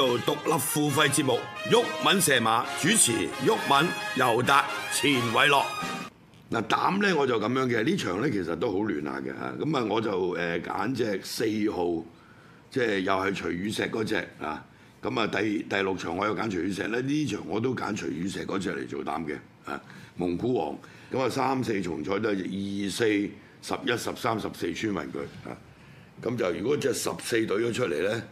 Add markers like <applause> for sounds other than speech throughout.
獨立付費節目《毓民射馬》，主持毓民、尤達、錢偉樂。嗱膽咧，我就咁樣嘅呢場呢，其實都好亂下嘅吓。咁啊，我就誒揀隻四號，即係又係徐雨石嗰隻啊。咁啊，第第六場我又揀徐雨石咧，呢場我都揀徐雨石嗰隻嚟做膽嘅啊。蒙古王咁啊，三四重彩都係二四十一十三十四文具，村問佢啊。咁就如果隻十四隊咗出嚟呢。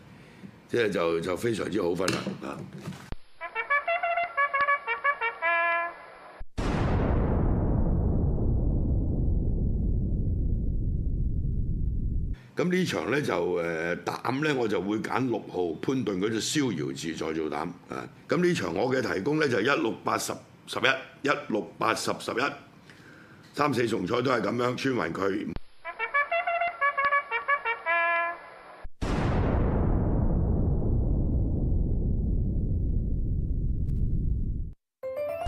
即係就就非常之好分啦嚇。咁呢 <music> 場呢，就誒、呃、膽呢，我就會揀六號潘頓嗰隻逍遙自在做膽啊。咁呢場我嘅提供呢，就一六八十十一一六八十十一三四重賽都係咁樣穿勻佢。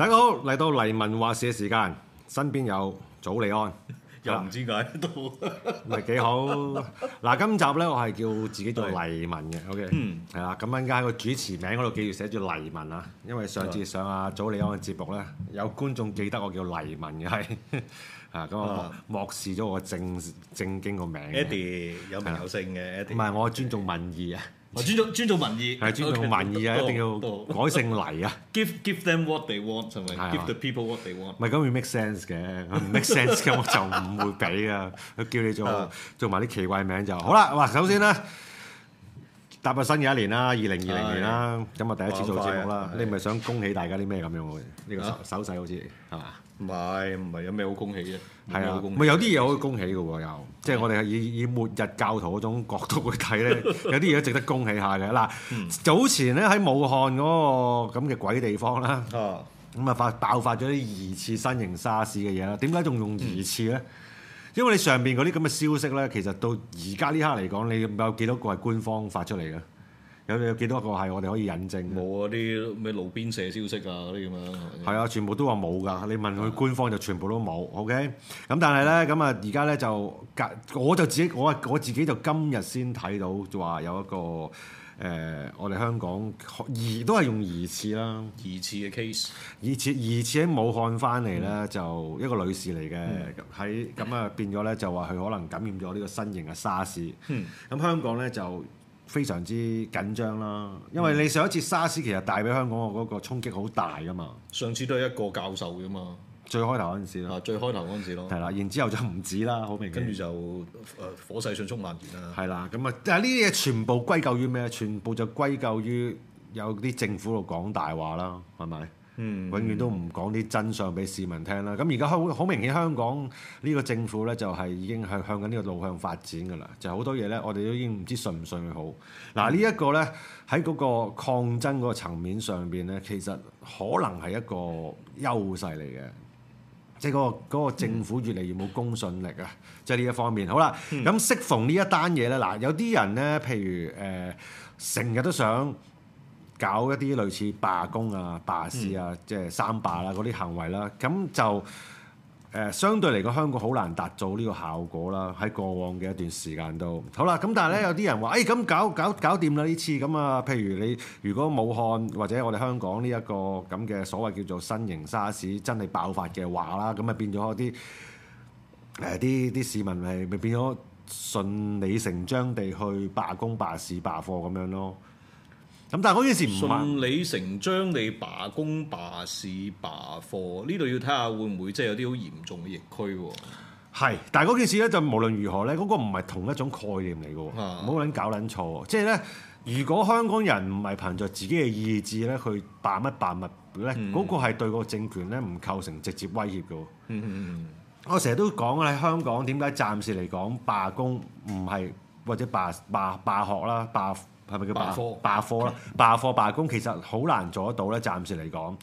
大家好，嚟到黎民話事嘅時間，身邊有祖利安，又唔知點解都，咪幾吧 <laughs> 好。嗱，今集咧我係叫自己做黎民嘅對，OK，係啦、嗯。咁一陣間個主持名嗰度記住寫住黎民啊，因為上次上阿祖利安嘅節目咧，有觀眾記得我叫黎民嘅係，啊咁、嗯嗯、我漠視咗我正正經個名。Eddie 有名有姓嘅，唔係吧 Eddie, 我尊重民意啊。尊重、尊重民意，係尊重民意啊！一定要改姓黎啊！Give give them what they want，係咪？Give the people what they want。唔係咁會 make sense 嘅，make sense 嘅我就唔會俾啊！佢叫你做做埋啲奇怪名就好啦。嗱，首先咧，踏入新嘅一年啦，二零二零年啦，咁啊第一次做節目啦，你唔係想恭喜大家啲咩咁樣嘅？呢個手勢好似係嘛？唔係唔係，有咩好恭喜啫，唔係、啊、有啲嘢可以恭喜嘅喎。又、啊、即係我哋係以以末日教徒嗰種角度去睇咧， <laughs> 有啲嘢值得恭喜下嘅嗱。嗯、早前咧，喺武漢嗰個咁嘅鬼地方啦，咁啊爆發咗啲疑似新型沙士嘅嘢啦。點解仲用疑似咧？嗯、因為你上邊嗰啲咁嘅消息咧，其實到而家呢刻嚟講，你有幾多個係官方發出嚟嘅？有有幾多個係我哋可以引證？冇嗰啲咩路邊社消息啊嗰啲咁樣。係啊，全部都話冇㗎。你問佢官方就全部都冇。OK。咁但係咧，咁啊而家咧就，我就自己我我自己就今日先睇到就話有一個誒、呃，我哋香港疑都係用疑似啦。疑似嘅 case。疑似疑似喺武漢翻嚟咧，就、嗯、一個女士嚟嘅，喺咁啊變咗咧就話佢可能感染咗呢個新型嘅沙士。咁香港咧就。非常之緊張啦，因為你上一次沙士其實帶俾香港個嗰個衝擊好大噶嘛。上次都係一個教授噶嘛。最開頭嗰陣時，最開頭嗰陣時咯。係啦，然之後就唔止啦，好明顯。跟住就誒火勢迅速蔓延啦。係啦，咁啊，但係呢啲嘢全部歸咎於咩？全部就歸咎於有啲政府喺度講大話啦，係咪？永遠都唔講啲真相俾市民聽啦。咁而家好好明顯，香港呢個政府咧就係已經係向緊呢個路向發展嘅啦。就好多嘢咧，我哋都已經唔知信唔信佢好。嗱，呢一個咧喺嗰個抗爭嗰個層面上邊咧，其實可能係一個優勢嚟嘅，即係嗰個嗰個政府越嚟越冇公信力啊！即係呢一方面，好啦，咁適逢呢一單嘢咧，嗱有啲人咧，譬如誒，成日都想。搞一啲類似罷工啊、罷市啊、即係三罷啦嗰啲行為啦，咁、嗯、就誒、呃、相對嚟講，香港好難達到呢個效果啦。喺過往嘅一段時間都好啦，咁但係咧、嗯、有啲人話，誒、哎、咁搞搞搞掂啦呢次咁啊。譬如你如果武漢或者我哋香港呢、這、一個咁嘅所謂叫做新型沙士真係爆發嘅話啦，咁咪變咗啲誒啲啲市民咪咪變咗順理成章地去罷工、罷市、罷貨咁樣咯。咁但係嗰件事唔順理成章，你，你罷工、罷市、罷課呢度要睇下會唔會即係有啲好嚴重嘅疫區喎？係，但係嗰件事咧就無論如何咧，嗰、嗰個唔係同一種概念嚟嘅喎，唔好撚搞撚錯，即係咧，如果香港人唔係憑着自己嘅意志咧去罷乜罷物咧，嗰、嗯、個係對個政權咧唔構成直接威脅嘅。嗯嗯嗯，我成日都講，喺香港點解暫時嚟講罷工唔係，或者罷罷罷學啦罷。罷罷罷罷係咪叫罷貨？罷貨課啦，罷貨課罷，罷工其實好難做得到咧。暫時嚟講，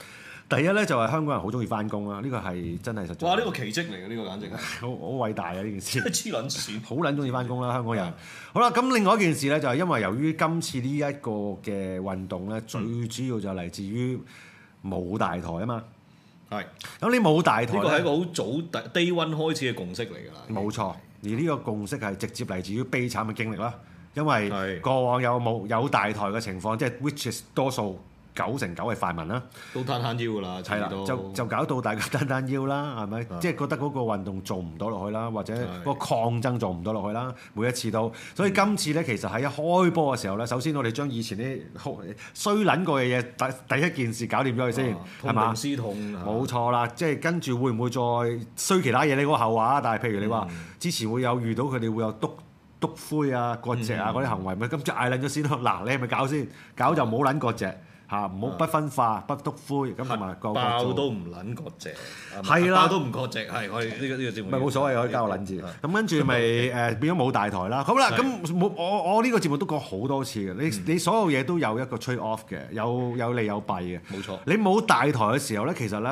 第一咧就係香港人好中意翻工啦。呢、這個係真係實話呢、這個奇蹟嚟嘅，呢、這個簡直 <laughs> 好好偉大嘅呢件事。黐撚線，好撚中意翻工啦，香港人。嗯、好啦，咁另外一件事咧，就係因為由於今次呢一個嘅運動咧，嗯、最主要就嚟自於武大台啊嘛。係、嗯。咁呢武大台呢個係一個好早低溫開始嘅共識嚟㗎啦。冇、嗯、錯，而呢個共識係直接嚟自於悲慘嘅經歷啦。因為過往有冇有大台嘅情況，是即係 witches 多數九成九係泛民啦，都攤攤腰㗎啦，次次就就搞到大家攤攤腰啦，係咪？是即係覺得嗰個運動做唔到落去啦，或者個抗爭做唔到落去啦，每一次都。所以今次咧，其實喺一開波嘅時候咧，首先我哋將以前啲衰撚過嘅嘢，第第一件事搞掂咗佢先，係嘛、啊？痛定思痛，冇錯啦。即係跟住會唔會再衰其他嘢？你嗰後話啊。但係譬如你話、嗯、之前會有遇到佢哋會有篤。篤灰啊，割席啊，嗰啲行為咪今次嗌撚咗先咯。嗱，你係咪搞先？搞就冇撚割席吓，唔好不分化，不篤灰。咁同埋個個都唔撚割席，係啦，包都唔割席，係我哋呢個呢個節目。咪冇所謂，可以加個撚字。咁跟住咪誒變咗冇大台啦。好啦，咁我我我呢個節目都講好多次嘅。你你所有嘢都有一個 trade off 嘅，有有利有弊嘅。冇錯。你冇大台嘅時候咧，其實咧，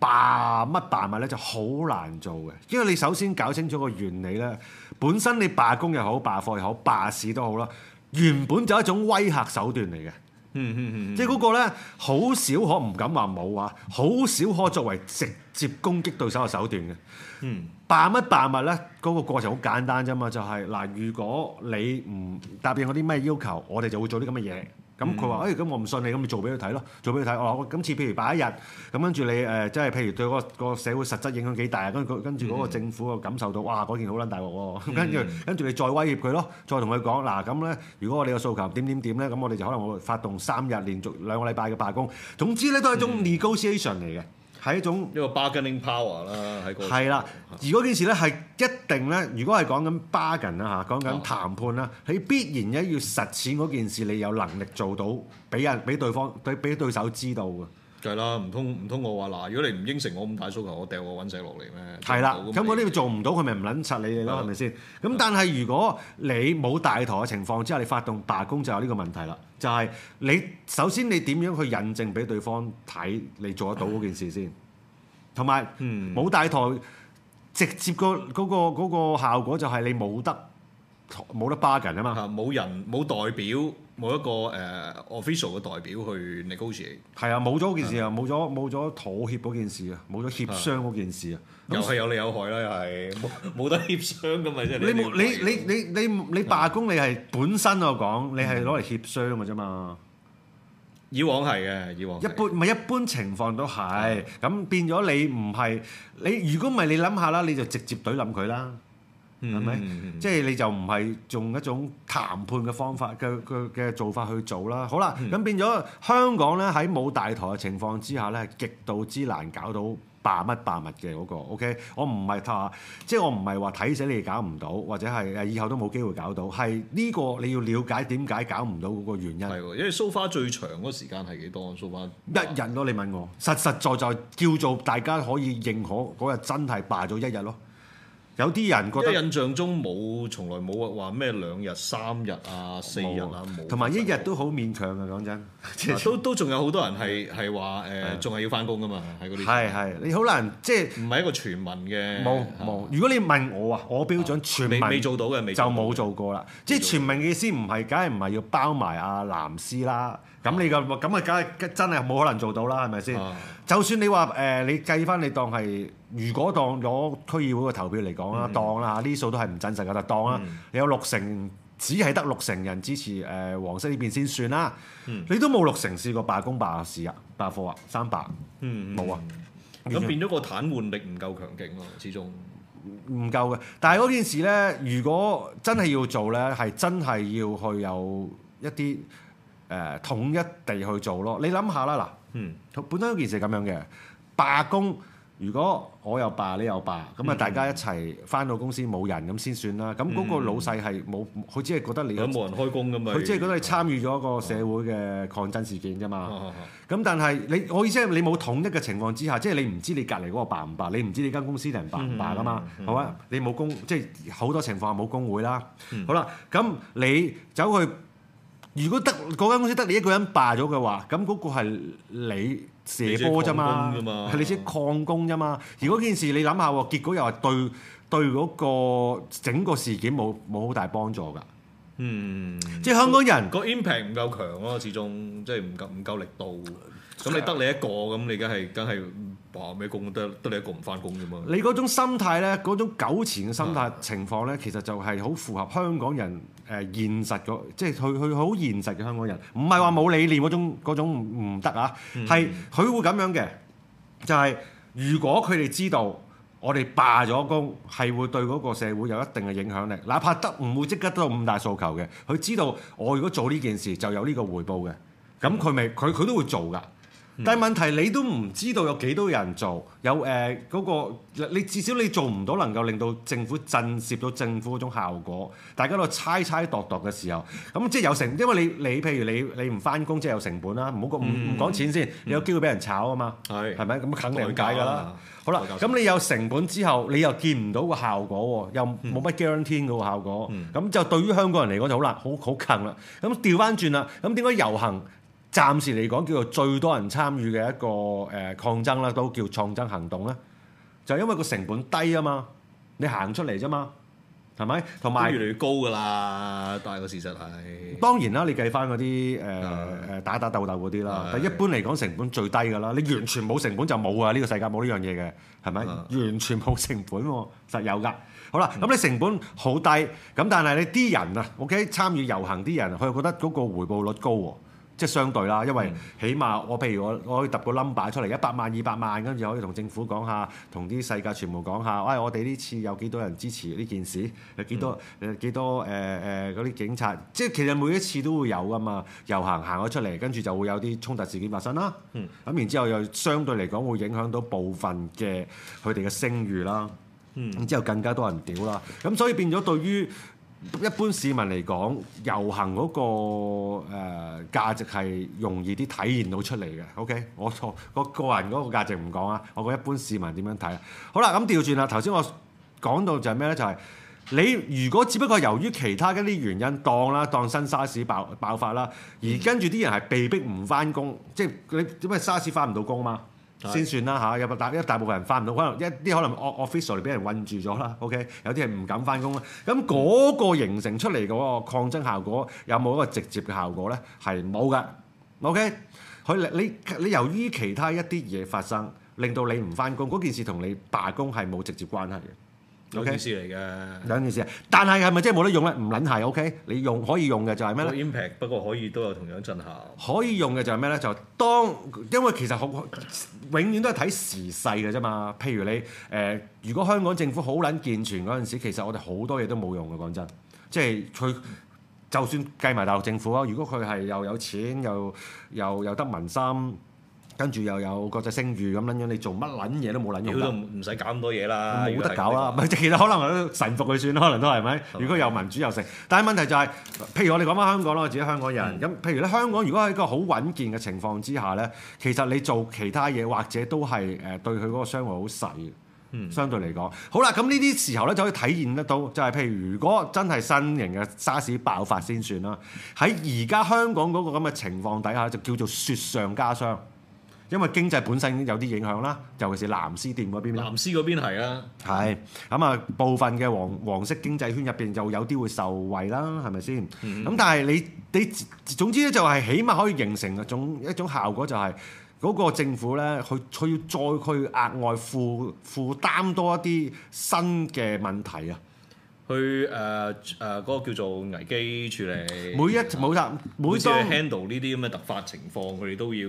罷乜罷物咧就好難做嘅，因為你首先搞清楚個原理咧。本身你罷工又好，罷課又好，罷市都好啦，原本就係一種威嚇手段嚟嘅， <laughs> 即係嗰個咧，好少可唔敢話冇話，好少可作為直接攻擊對手嘅手段嘅，嗯， <laughs> 罷乜罷物咧，嗰個過程好簡單啫嘛，就係嗱，如果你唔答應我啲咩要求，我哋就會做啲咁嘅嘢。咁佢話，誒、嗯、咁、哎、我唔信你，咁你做俾佢睇咯，做俾佢睇。我、哦、今次譬如擺一日，咁跟住你誒、即、呃、係譬如對嗰個嗰個社會實質影響幾大啊？跟住跟住嗰個政府就感受到，哇，嗰件好撚大鑊喎。跟住、嗯、跟住你再威脅佢咯，再同佢講，嗱、啊，咁咧，如果我哋嘅訴求點點點咧，咁我哋就可能會發動三日連續兩個禮拜嘅罷工。總之咧，都係一種 negotiation 嚟嘅。係一種呢個 bargaining power 啦，喺係啦。而嗰件事咧，係一定咧，如果係講緊 bargain 啦嚇，講緊談判啦，你、哦、必然咧要實踐嗰件事，你有能力做到，俾人俾對方對俾對手知道嘅。就係啦，唔通唔通我話嗱，如果你唔應承我咁大訴求，我掉我揾死落嚟咩？係啦，咁我呢個做唔到，佢咪唔撚柒你哋咯，係咪先？咁但係如果你冇大台嘅情況之下，你發動罷工就有呢個問題啦，就係、是、你首先你點樣去印證俾對方睇你做得到嗰件事先，同埋冇大台直接、嗰個嗰個嗰個效果就係你冇得。冇得 bargain 啊嘛，冇人冇代表冇一個誒 official 嘅代表去 negotiate。係啊，冇咗件事啊，冇咗冇咗妥協嗰件事啊，冇咗協商嗰件事啊。又係有利有害啦，又係冇得協商㗎嘛！即係你你你你你你罷工，你係本身我講，你係攞嚟協商嘅啫嘛。以往係嘅，以往一般唔係一般情況都係咁變咗。你唔係你，如果唔係你諗下啦，你就直接懟冧佢啦。係咪？嗯、即係你就唔係用一種談判嘅方法、嘅嘅嘅做法去做啦。好啦，咁、嗯、變咗香港咧，喺冇大台嘅情況之下咧，極度之難搞到霸乜霸物嘅嗰、那個。OK，我唔係話，即係我唔係話睇死你哋搞唔到，或者係以後都冇機會搞到。係呢個你要了解點解搞唔到嗰個原因。哦、因為 s 花最長嗰時間係幾多，多 s 花一日咯，你問我。實實在在，在叫做大家可以認可嗰日真係霸咗一日咯。有啲人覺得印象中冇，從來冇話咩兩日、三日啊、四日啊，同埋一日都好勉強嘅。講真，都都仲有好多人係係話誒，仲係要返工㗎嘛？喺嗰啲係係，你好難即係唔係一個全民嘅冇冇。如果你問我啊，我標準全民未做到嘅，未就冇做過啦。即係全民嘅意思唔係，梗係唔係要包埋阿藍絲啦。咁你個咁啊，梗係真係冇可能做到啦，係咪先？啊、就算你話誒、呃，你計翻你當係，如果當咗區議會嘅投票嚟講、嗯、啦，當啦嚇，呢啲數都係唔真實嘅，但當啦，你有六成，只係得六成人支持誒、呃、黃色呢邊先算啦。嗯、你都冇六成試過罷工罷市啊，罷課啊，三罷，冇啊。咁變咗個癱瘓力唔夠強勁咯、啊，始終唔夠嘅。但係嗰件事咧，如果真係要做咧，係真係要去有一啲。誒統一地去做咯，你諗下啦，嗱，本身件事係咁樣嘅，罷工，如果我又罷，你又罷，咁啊、嗯、大家一齊翻到公司冇人咁先算啦。咁嗰個老細係冇，佢只係覺得你冇人開工噶嘛。佢只係覺得你參與咗一個社會嘅抗爭事件啫嘛。咁、嗯嗯、但係你，我意思係你冇統一嘅情況之下，即、就、係、是、你唔知你隔離嗰個罷唔罷，你唔知你間公司人罷唔罷噶嘛，係嘛、嗯？你冇工，即係好多情況下冇工會啦。嗯、好啦，咁你走去。如果得嗰間公司得你一個人罷咗嘅話，咁嗰個係你射波啫嘛，係你自己曠工啫嘛。如果件事你諗下喎，結果又係對對嗰個整個事件冇冇好大幫助㗎。嗯，即係香港人個 impact 唔夠強咯，始終即係唔夠唔夠力度。咁你得你一個，咁你梗係梗係話咩工都得你一個唔翻工啫嘛？你嗰種心態咧，嗰種糾纏嘅心態情況咧，其實就係好符合香港人。誒現實嗰，即係佢佢好現實嘅香港人，唔係話冇理念嗰種嗰種唔得啊，係佢會咁樣嘅，就係如果佢哋知道我哋罷咗工，係會對嗰個社會有一定嘅影響力，哪怕得唔會即刻得到咁大訴求嘅，佢知道我如果做呢件事就有呢個回報嘅，咁佢咪佢佢都會做㗎。但係問題，你都唔知道有幾多人做，有誒嗰、呃嗰個，你至少你做唔到能夠令到政府震懾到政府嗰種效果，大家都猜猜度度嘅時候，咁即係有成，因為你你譬如你你唔翻工，即係有成本啦，唔好講唔唔講錢先，你有機會俾人炒啊嘛，係咪咁肯定會解㗎啦？啊、好啦，咁你有成本之後，你又見唔到個效果喎，又冇乜 guarantee 嗰個效果，咁、嗯、就對於香港人嚟講就好難，好好啃啦。咁調翻轉啦，咁點解遊行？暫時嚟講叫做最多人參與嘅一個誒抗爭啦，都叫抗爭行動啦。就係因為個成本低啊嘛，你行出嚟啫嘛，係咪？同埋越嚟越高噶啦，但係個事實係當然啦。你計翻嗰啲誒誒打打鬥鬥嗰啲啦，的但一般嚟講成本最低噶啦。你完全冇成本就冇啊！呢 <laughs> 個世界冇呢樣嘢嘅係咪？ <laughs> 完全冇成本喎，實有噶。好啦，咁你成本好低，咁但係你啲人啊，OK 參與遊行啲人，佢又覺得嗰個回報率，率高喎。即係相對啦，因為起碼我譬如我我可以揼個冧 u 出嚟一百萬二百萬，跟住可以同政府講下，同啲世界全部講下，喂、哎，我哋呢次有幾多人支持呢件事？有幾多？誒、嗯、多？誒誒嗰啲警察，即係其實每一次都會有噶嘛遊行行咗出嚟，跟住就會有啲衝突事件發生啦。咁、嗯、然之後又相對嚟講會影響到部分嘅佢哋嘅聲譽啦。咁之、嗯、後更加多人屌啦。咁所以變咗對於一般市民嚟講，遊行嗰、那個誒、呃、價值係容易啲體現到出嚟嘅。OK，我錯個個人嗰個價值唔講啊，我講一般市民點樣睇啊。好啦，咁調轉啦。頭先我講到就係咩咧？就係、是、你如果只不過由於其他嗰啲原因，當啦當新沙士爆爆發啦，而跟住啲人係被逼唔翻工，即、就、係、是、你點解沙士翻唔到工嘛？先算啦嚇，有大一大，大部分人翻唔到，可能一啲可能 off official 嚟俾人困住咗啦。OK，有啲人唔敢翻工啦。咁嗰個形成出嚟嗰個抗爭效果有冇一個直接嘅效果咧？係冇㗎。OK，佢你你，你由於其他一啲嘢發生，令到你唔翻工，嗰件事同你罷工係冇直接關係嘅。Okay? 兩件事嚟㗎，兩件事啊！但係係咪即係冇得用咧？唔撚係，OK？你用可以用嘅就係咩咧？不過可以都有同樣進效。可以用嘅就係咩咧？就當因為其實好永遠都係睇時勢嘅啫嘛。譬如你誒、呃，如果香港政府好撚健全嗰陣時，其實我哋好多嘢都冇用嘅。講真，即係佢就算計埋大陸政府啊。如果佢係又有錢又又又得民心。跟住又有國際聲譽咁撚樣，你做乜撚嘢都冇撚用。佢都唔使搞咁多嘢啦，冇得搞啦。唔係，其實可能都臣服佢算啦，可能都係咪？是是如果又民主又成，但係問題就係、是，譬如我哋講翻香港啦，我自己香港人咁。嗯、譬如咧，香港如果喺個好穩健嘅情況之下咧，其實你做其他嘢或者都係誒對佢嗰個傷害好細、嗯、相對嚟講，好啦，咁呢啲時候咧就可以體現得到，就係、是、譬如如果真係新型嘅沙士爆發先算啦。喺而家香港嗰個咁嘅情況底下，就叫做雪上加霜。因為經濟本身有啲影響啦，尤其是藍絲店嗰邊。藍絲嗰邊係啊，係咁啊，部分嘅黃黃色經濟圈入邊就有啲會受惠啦，係咪先？咁但係你你總之咧就係起碼可以形成一種一種效果，就係嗰個政府咧，佢佢要再去額外負負擔多一啲新嘅問題啊，去誒誒嗰個叫做危機處理。每一冇錯，每隻 handle 呢啲咁嘅突發情況，佢哋都要。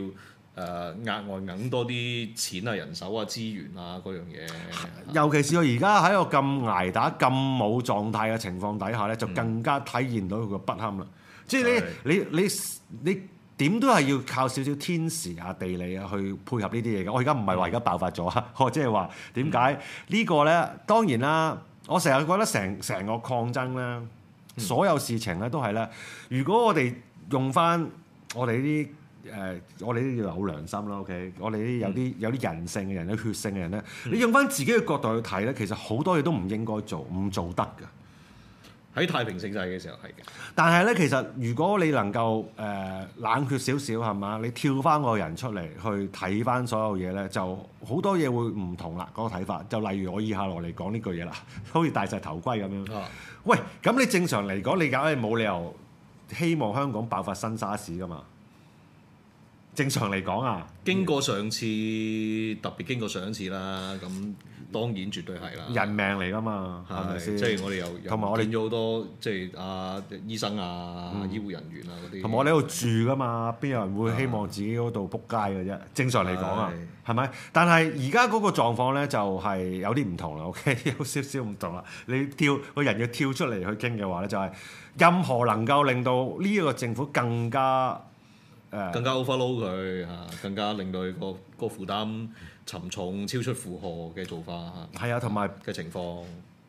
誒、呃、額外揞多啲錢啊、人手啊、資源啊嗰樣嘢，尤其是佢而家喺個咁捱打、咁冇 <laughs> 狀態嘅情況底下咧，就更加體現到佢嘅不堪啦。嗯、即係你是的 你你你點都係要靠少少天時啊、地利啊去配合呢啲嘢嘅。我而家唔係話而家爆發咗啊，嗯、我即係話點解呢個咧？當然啦，我成日覺得成成個抗爭咧，所有事情咧都係咧。如果我哋用翻我哋呢啲。誒、呃，我哋呢啲叫有良心啦。OK，我哋呢啲有啲、嗯、有啲人性嘅人，有血性嘅人咧，嗯、你用翻自己嘅角度去睇咧，其實好多嘢都唔應該做，唔做得嘅，喺太平盛世嘅時候係嘅。但係咧，其實如果你能夠誒、呃、冷血少少係嘛，你跳翻個人出嚟去睇翻所有嘢咧，就好多嘢會唔同啦。嗰、那個睇法就例如我以下落嚟講呢句嘢啦，好似戴曬頭盔咁樣。哦、喂，咁你正常嚟講，你梗係冇理由希望香港爆發新沙士噶嘛？正常嚟講啊，經過上次，特別經過上一次啦，咁當然絕對係啦，人命嚟㗎嘛，係咪先？即係、就是、我哋又同埋我哋見到好多，即係啊醫生啊、嗯、醫護人員啊嗰啲。同埋我哋喺度住㗎嘛，邊是的 有人會希望自己嗰度撲街㗎啫？是的 正常嚟講啊，係咪？但係而家嗰個狀況咧，就係、是、有啲唔同啦。OK， <laughs> 有少少唔同啦。你跳個人要跳出嚟去傾嘅話咧，就係、是、任何能夠令到呢個政府更加。誒更加 overload 佢嚇，更加令到佢個個負擔沉重超出負荷嘅做法嚇，係啊，同埋嘅情況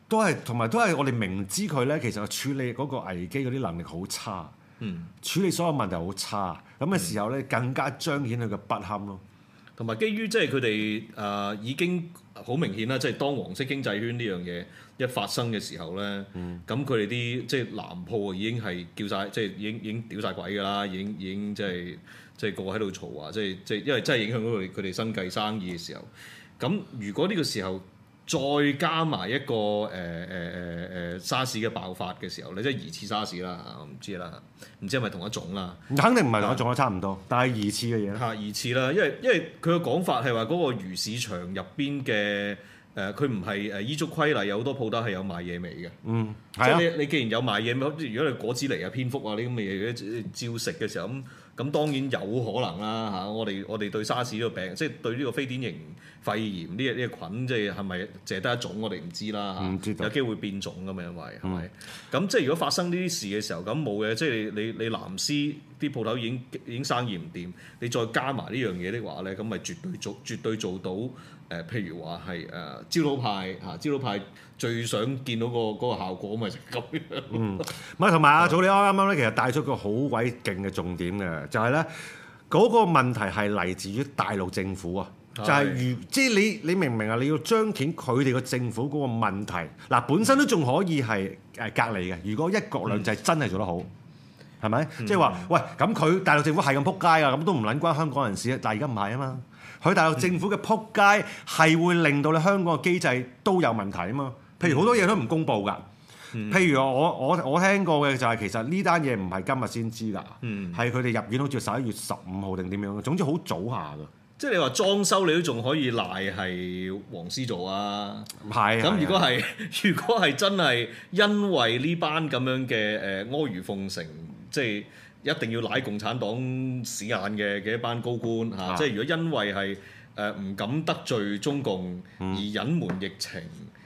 都係，同埋都係我哋明知佢咧，其實處理嗰個危機嗰啲能力好差，嗯，處理所有問題好差，咁嘅、嗯、時候咧更加彰顯佢嘅不堪咯，同埋基於即係佢哋誒已經。好明顯啦，即係當黃色經濟圈呢樣嘢一發生嘅時候咧，咁佢哋啲即係藍鋪已經係叫晒，即係已經已經屌晒鬼㗎啦，已經了了已經即係即係個個喺度嘈啊，即係即係因為真係影響到佢佢哋生計生意嘅時候，咁如果呢個時候。再加埋一個誒誒誒誒沙士嘅爆發嘅時候，你即係疑似沙士啦，我唔知啦，唔知係咪同一種啦？肯定唔係同一種，嗯、差唔多。但係疑似嘅嘢咧嚇疑似啦，因為因為佢嘅講法係話嗰個魚市場入邊嘅誒，佢唔係誒依足規例，有好多鋪頭係有賣野味嘅。嗯，係啊。即係你你既然有賣野味，咁如果你果子狸啊、蝙蝠啊呢啲咁嘅嘢，照食嘅時候咁。咁當然有可能啦嚇，我哋我哋對沙士呢個病，即係對呢個非典型肺炎呢呢個菌，即係係咪淨係得一種，我，我哋唔知啦，唔知有機會變種㗎嘛，因為係咪？咁，嗯，即係如果發生呢啲事嘅時候，咁冇嘅，即係你你你藍絲啲鋪頭已經已經生意唔掂，你再加埋呢樣嘢的話咧，咁咪絕對做絕對做到。誒，譬如話係誒，招老派嚇，招老派最想見到、嗰個、嗰個、效果咪咪咁樣。嗯，唔係同埋阿祖，你啱啱咧，啊、啱啱其實帶出個好鬼勁嘅重點嘅，就係咧嗰個問題係嚟自於大陸政府啊，就係、是、如是即係你你明唔明啊？你要彰顯佢哋個政府嗰個問題，嗱本身都仲可以係誒隔離嘅。如果一國兩制真係做得好，係咪、嗯？即係話，喂，咁佢大陸政府係咁撲街啊，咁都唔撚關香港人士，但係而家唔係啊嘛。佢大陸政府嘅仆街係、嗯、會令到你香港嘅機制都有問題啊嘛，譬如好多嘢都唔公佈噶，譬如我我我聽過嘅就係、是、其實呢單嘢唔係今日先知噶，係佢哋入院好似十一月十五號定點樣，總之好早下噶。即係你話裝修你都仲可以賴係黃絲做啊，係啊。咁如果係是的 如果係真係因為呢班咁樣嘅誒阿諛奉承，即係。一定要舐共產黨屎眼嘅嘅一班高官嚇，啊、即係如果因為係誒唔敢得罪中共而隱瞞疫情，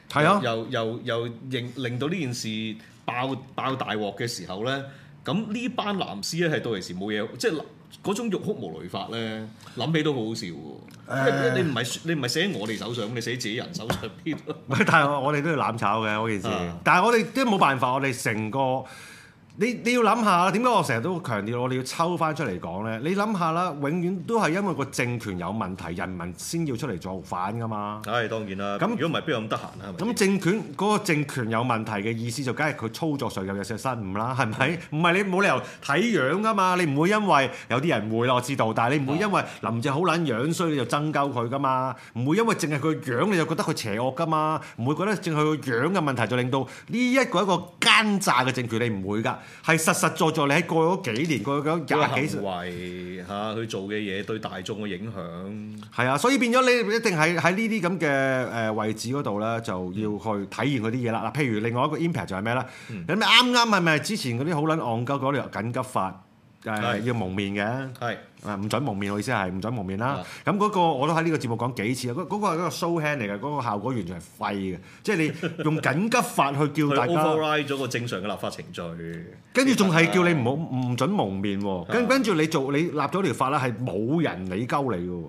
係、嗯、又啊，又又又令令到呢件事爆爆大鑊嘅時候咧，咁呢班藍絲咧係到嚟時冇嘢，即係嗰種欲哭無淚法咧，諗起都好好笑喎、啊。你唔係你唔係寫喺我哋手上，你寫喺自己人手上邊？唔但係我哋都要攬炒嘅嗰件事。啊、但係我哋都冇辦法，我哋成個。你你要諗下啦，點解我成日都強調我你要抽翻出嚟講咧？你諗下啦，永遠都係因為個政權有問題，人民先要出嚟作反噶嘛。梗係當然啦。咁如果唔係邊有咁得閒啊？咁政權嗰個政權有問題嘅意思就梗係佢操作上有有些失誤啦，係咪？唔係你冇理由睇樣噶嘛。你唔會因為有啲人會咯，我知道，但係你唔會因為林鄭好撚樣衰就憎鳩佢噶嘛。唔會因為淨係佢樣你就覺得佢邪惡噶嘛。唔會覺得淨係佢樣嘅問題就令到呢一個一個奸詐嘅政權，你唔會㗎。係實實在在，你喺過咗幾年，過咗廿幾年，佢嘅行為、啊、做嘅嘢對大眾嘅影響係啊，所以變咗你一定係喺呢啲咁嘅誒位置嗰度咧，就要去體驗嗰啲嘢啦。嗱，譬如另外一個 impact 就係咩咧？你咪啱啱係咪之前嗰啲好撚戇鳩嗰條緊急法誒、呃、是要蒙面嘅？唔准蒙面，我意思係唔准蒙面啦。咁嗰、啊嗰個我都喺呢個節目講幾次啊。嗰、嗰、嗰個係一個 show hand 嚟嘅，嗰、嗰個效果完全係廢嘅。即係你用緊急法去叫大家 override 咗個正常嘅立法程序，跟住仲係叫你唔好唔准蒙面。跟跟住你做你立咗條法啦，係冇人理鳩你嘅。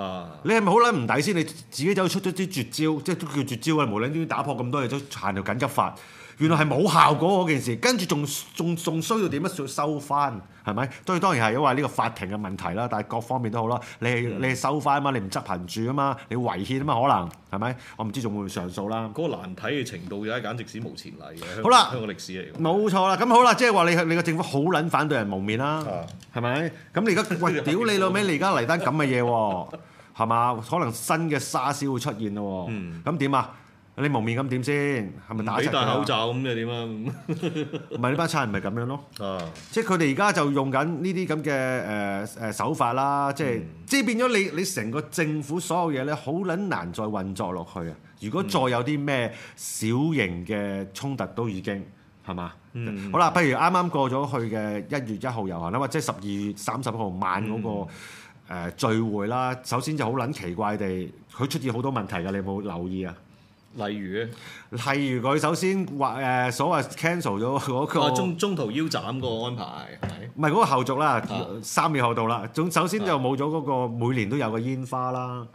啊！你係咪好撚唔抵先？你自己走去出咗啲絕招，即係都叫絕招嘅，無論點打破咁多嘢都行條緊急法。原來係冇效果嗰件事，跟住仲仲仲需要點樣？要收翻係咪？所以當然係因為呢個法庭嘅問題啦，但係各方面都好啦。你你收翻啊嘛，你唔執行住啊嘛，你，你要違憲啊嘛，可能係咪？我唔知仲會唔會上訴啦。嗰個難睇嘅程度，又係簡直史無前例嘅。好啦，香港歷史嚟嘅。冇錯啦，咁好啦，即係話你你個政府好撚反對人蒙面啦，係咪？咁、啊、你而家喂屌你老味，你而家嚟單咁嘅嘢喎，係嘛？ <laughs> 可能新嘅沙士會出現咯。嗯，咁點啊？你蒙面咁點先？係咪打？唔俾戴口罩咁又點啊？唔係呢班差人，咪咁樣咯。啊、即係佢哋而家就用緊呢啲咁嘅誒誒手法啦。即係、嗯、即係變咗你你成個政府所有嘢咧，好撚難再運作落去啊！如果再有啲咩小型嘅衝突，都已經係嘛？好啦，譬如啱啱過咗去嘅一月一號遊行啦，或者十二月三十號晚嗰個誒聚會啦，嗯、首先就好撚奇怪地，佢出現好多問題㗎，你有冇留意啊？例如，例如佢首先話誒所謂 cancel 咗嗰個中中途腰斬嗰個安排，唔係嗰個後續啦，的三年後到啦。總首先就冇咗嗰個每年都有嘅煙花啦。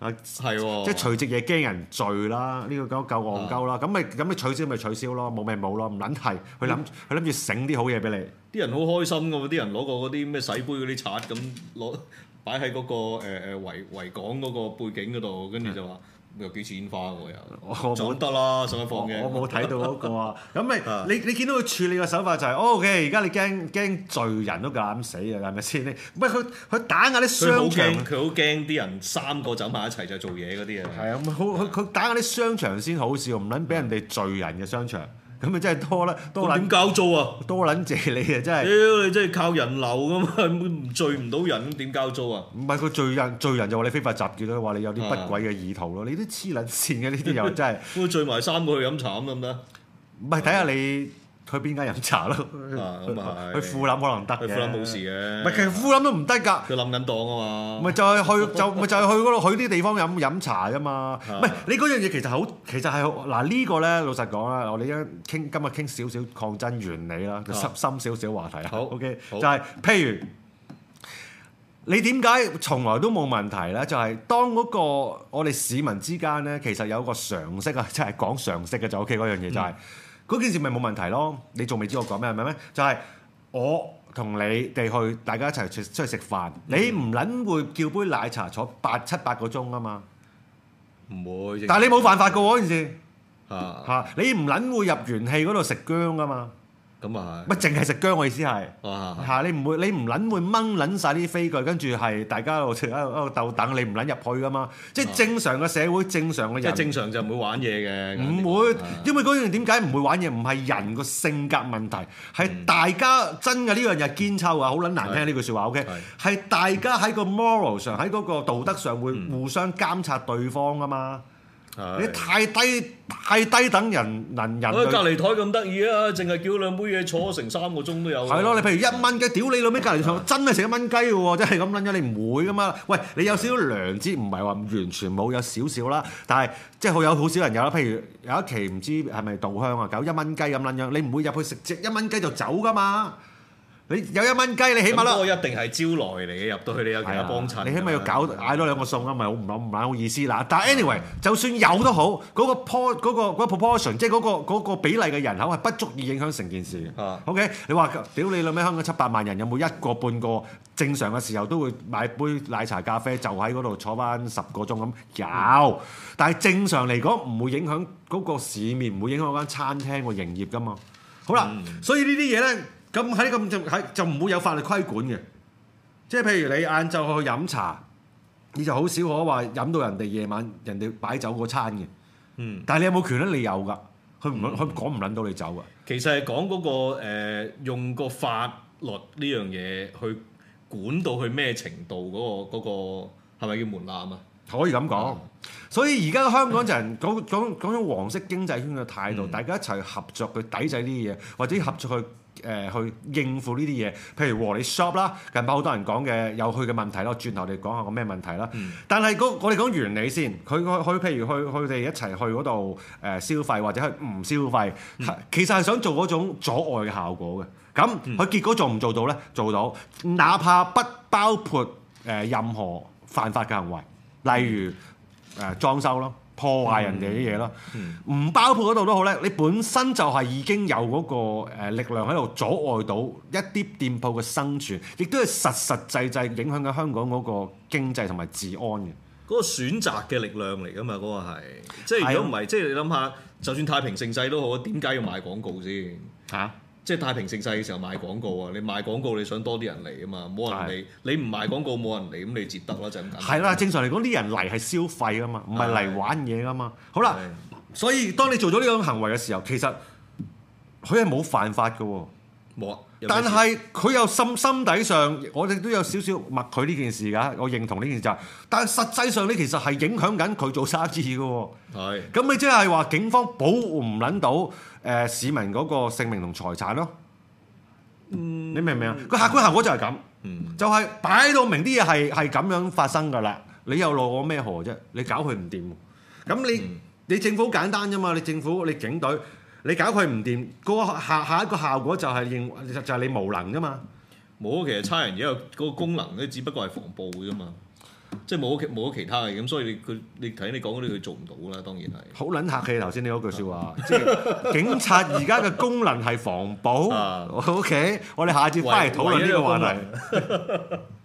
係喎的，即係除夕夜驚人醉啦，呢、呢個夠戇鳩啦。咁咪咁咪取消咪取消咯，冇咪冇咯，唔撚提。佢諗佢諗住醒啲好嘢俾你。啲人好開心嘅喎，啲人攞個嗰啲咩洗杯嗰啲刷咁攞擺喺嗰個誒誒維維港嗰個背景嗰度，跟住就話。又有幾次煙花喎又，仲得啦，上一課嘅。我冇睇到嗰個啊，咁咪， <laughs> 你你見到佢處理嘅手法就係，哦，OK，而家你驚驚聚人都咁死啊，係咪先？唔係佢佢打壓啲商場，佢好驚，佢好驚啲人三個走埋一齊就做嘢嗰啲啊。係啊，唔好佢佢打壓啲商場先好笑，唔撚俾人哋聚人嘅商場。咁咪真係多啦，多撚交租啊！多撚謝你啊！真係，屌你，你真係靠人流噶嘛，唔聚唔到人咁點交租啊？唔係佢聚人，聚人就話你非法集結咯，話你有啲不軌嘅意圖咯， <laughs> 你啲黐撚線嘅呢啲又真係，都聚埋三個去飲茶咁得唔得？唔係睇下你。 <laughs> <laughs> 去邊間飲茶咯？去富林可能得。去富林冇事嘅。唔係，其實富林都唔得㗎。佢諗緊檔啊嘛。唔係就係去就咪就係去嗰度去啲地方飲飲茶啫嘛。唔係你嗰樣嘢其實好，其實係好嗱呢個咧，老實講啦，我哋而家傾今日傾少少抗爭原理啦，深深少少話題啦。好，OK，就係譬如你點解從來都冇問題咧？就係當嗰個我哋市民之間咧，其實有個常識啊，即係講常識嘅就 OK 嗰樣嘢就係。嗰件事咪冇問題咯，你仲未知我講咩係咪咩？就係、是、我同你哋去，大家一齊出出去食飯，嗯、你唔撚會叫杯奶茶坐八七八個鐘㗎嘛？唔會但，但係、啊、你冇辦法㗎喎，嗰件事嚇你唔撚會入元氣嗰度食薑㗎嘛？咁啊，咪淨係食薑，我意思係嚇你唔會，你唔撚會掹撚晒啲飛具。跟住係大家喺度喺度鬥等，你唔撚入去噶嘛？即係正常嘅社會，正常嘅人，正常就唔會玩嘢嘅，唔會，因為嗰樣點解唔會玩嘢？唔係人個性格問題，係大家真嘅呢樣嘢堅臭啊！好撚難聽呢句説話，OK，係大家喺個 moral 上，喺嗰個道德上會互相監察對方噶嘛。你太低太低等人能人，隔離台咁得意啊！淨係叫兩杯嘢坐成三個鐘都有。係咯，你譬如一蚊雞，屌你老味，隔離台真係食一蚊雞嘅喎，真係咁撚樣，你唔會噶嘛？喂，你有少少良知，唔係話完全冇，有少少啦。但係即係好有好少人有啦。譬如有一期唔知係咪稻香啊，搞一蚊雞咁撚樣，你唔會入去食只一蚊雞就走噶嘛？你有一蚊雞，你起碼啦。咁一定係招來嚟嘅，入到去你有其他幫襯。你起碼要搞嗌多兩個餸啦，咪好唔好唔好意思。嗱，但係 anyway，、啊、就算有都好，嗰、那個 p o 嗰、那個嗰、那個 proportion，即係嗰、那個那個比例嘅人口係不足以影響成件事嘅。啊、o、okay? k 你話屌你老味，香港七八萬人有冇一個半個正常嘅時候都會買杯奶茶咖啡就喺嗰度坐翻十個鐘咁？有，但係正常嚟講唔會影響嗰個市面，唔會影響嗰間餐廳嘅營業噶嘛。好啦，嗯、所以呢啲嘢咧。咁喺咁就喺就唔會有法律規管嘅，即係譬如你晏晝去飲茶，你就好少可話飲到人哋夜晚人哋擺酒嗰餐嘅。嗯，但係你有冇權咧？你有噶，佢唔佢講唔撚到你走啊、嗯？其實係講嗰個誒、呃、用個法律呢樣嘢去管到去咩程度嗰、嗰個嗰、嗰個係咪叫門檻啊？可以咁講，所以而家香港就講講講種黃色經濟圈嘅態度、嗯，大家一齊合作去抵制呢啲嘢，或者合作去。誒去應付呢啲嘢，譬如和你 shop 啦，近排好多人講嘅有佢嘅問題咯。轉頭我哋講下個咩問題啦？嗯、但係嗰我哋講原理先，佢佢佢譬如去佢哋一齊去嗰度誒消費或者係唔消費，消費嗯、其實係想做嗰種阻礙嘅效果嘅。咁佢結果做唔做到咧？做到，哪怕不包括誒任何犯法嘅行為，例如誒裝修咯。破壞人哋啲嘢咯，唔、嗯嗯、包括嗰度都好咧。你本身就係已經有嗰個誒力量喺度阻礙到一啲店鋪嘅生存，亦都係實實際際影響緊香港嗰個經濟同埋治安嘅。嗰個選擇嘅力量嚟㗎嘛，嗰、那個係，即係如果唔係，即係的你諗下，就算太平盛世都好，點解要買廣告先？嚇、啊！即係太平盛世嘅時候賣廣告啊！你賣廣告，你想多啲人嚟啊嘛，冇人嚟，是的 你唔賣廣告冇人嚟，咁你折得囉，就係咁簡單。係啦，正常嚟講啲人嚟係消費㗎嘛，唔係嚟玩嘢㗎嘛。是的 好啦，是的 所以當你做咗呢種行為嘅時候，其實佢係冇犯法㗎喎。冇啊。但係佢又心心底上，我哋都有少少默許呢件事㗎。我認同呢件事，但係實際上你其實係影響緊佢做生意嘅喎。係。咁你即係話警方保護唔撚到誒市民嗰個性命同財產咯？嗯、你明唔明啊？個客觀效果就係咁，就係擺到明啲嘢係係咁樣發生㗎啦。你又奈我咩何啫？你搞佢唔掂。咁你、嗯、你政府好簡單啫嘛？你政府你警隊。你搞佢唔掂，嗰、那個下下一個效果就係認，就係、是、你無能㗎嘛。冇其實差人而家，個嗰個功能咧，只不過係防暴㗎嘛，即係冇冇其他嘅。咁所以你佢你頭先你講嗰啲佢做唔到啦，當然係。好撚客氣頭先你嗰句説話， <laughs> 即係警察而家嘅功能係防暴。 <laughs> o、okay? K，我哋下次翻嚟討論呢個，個話題。 <laughs>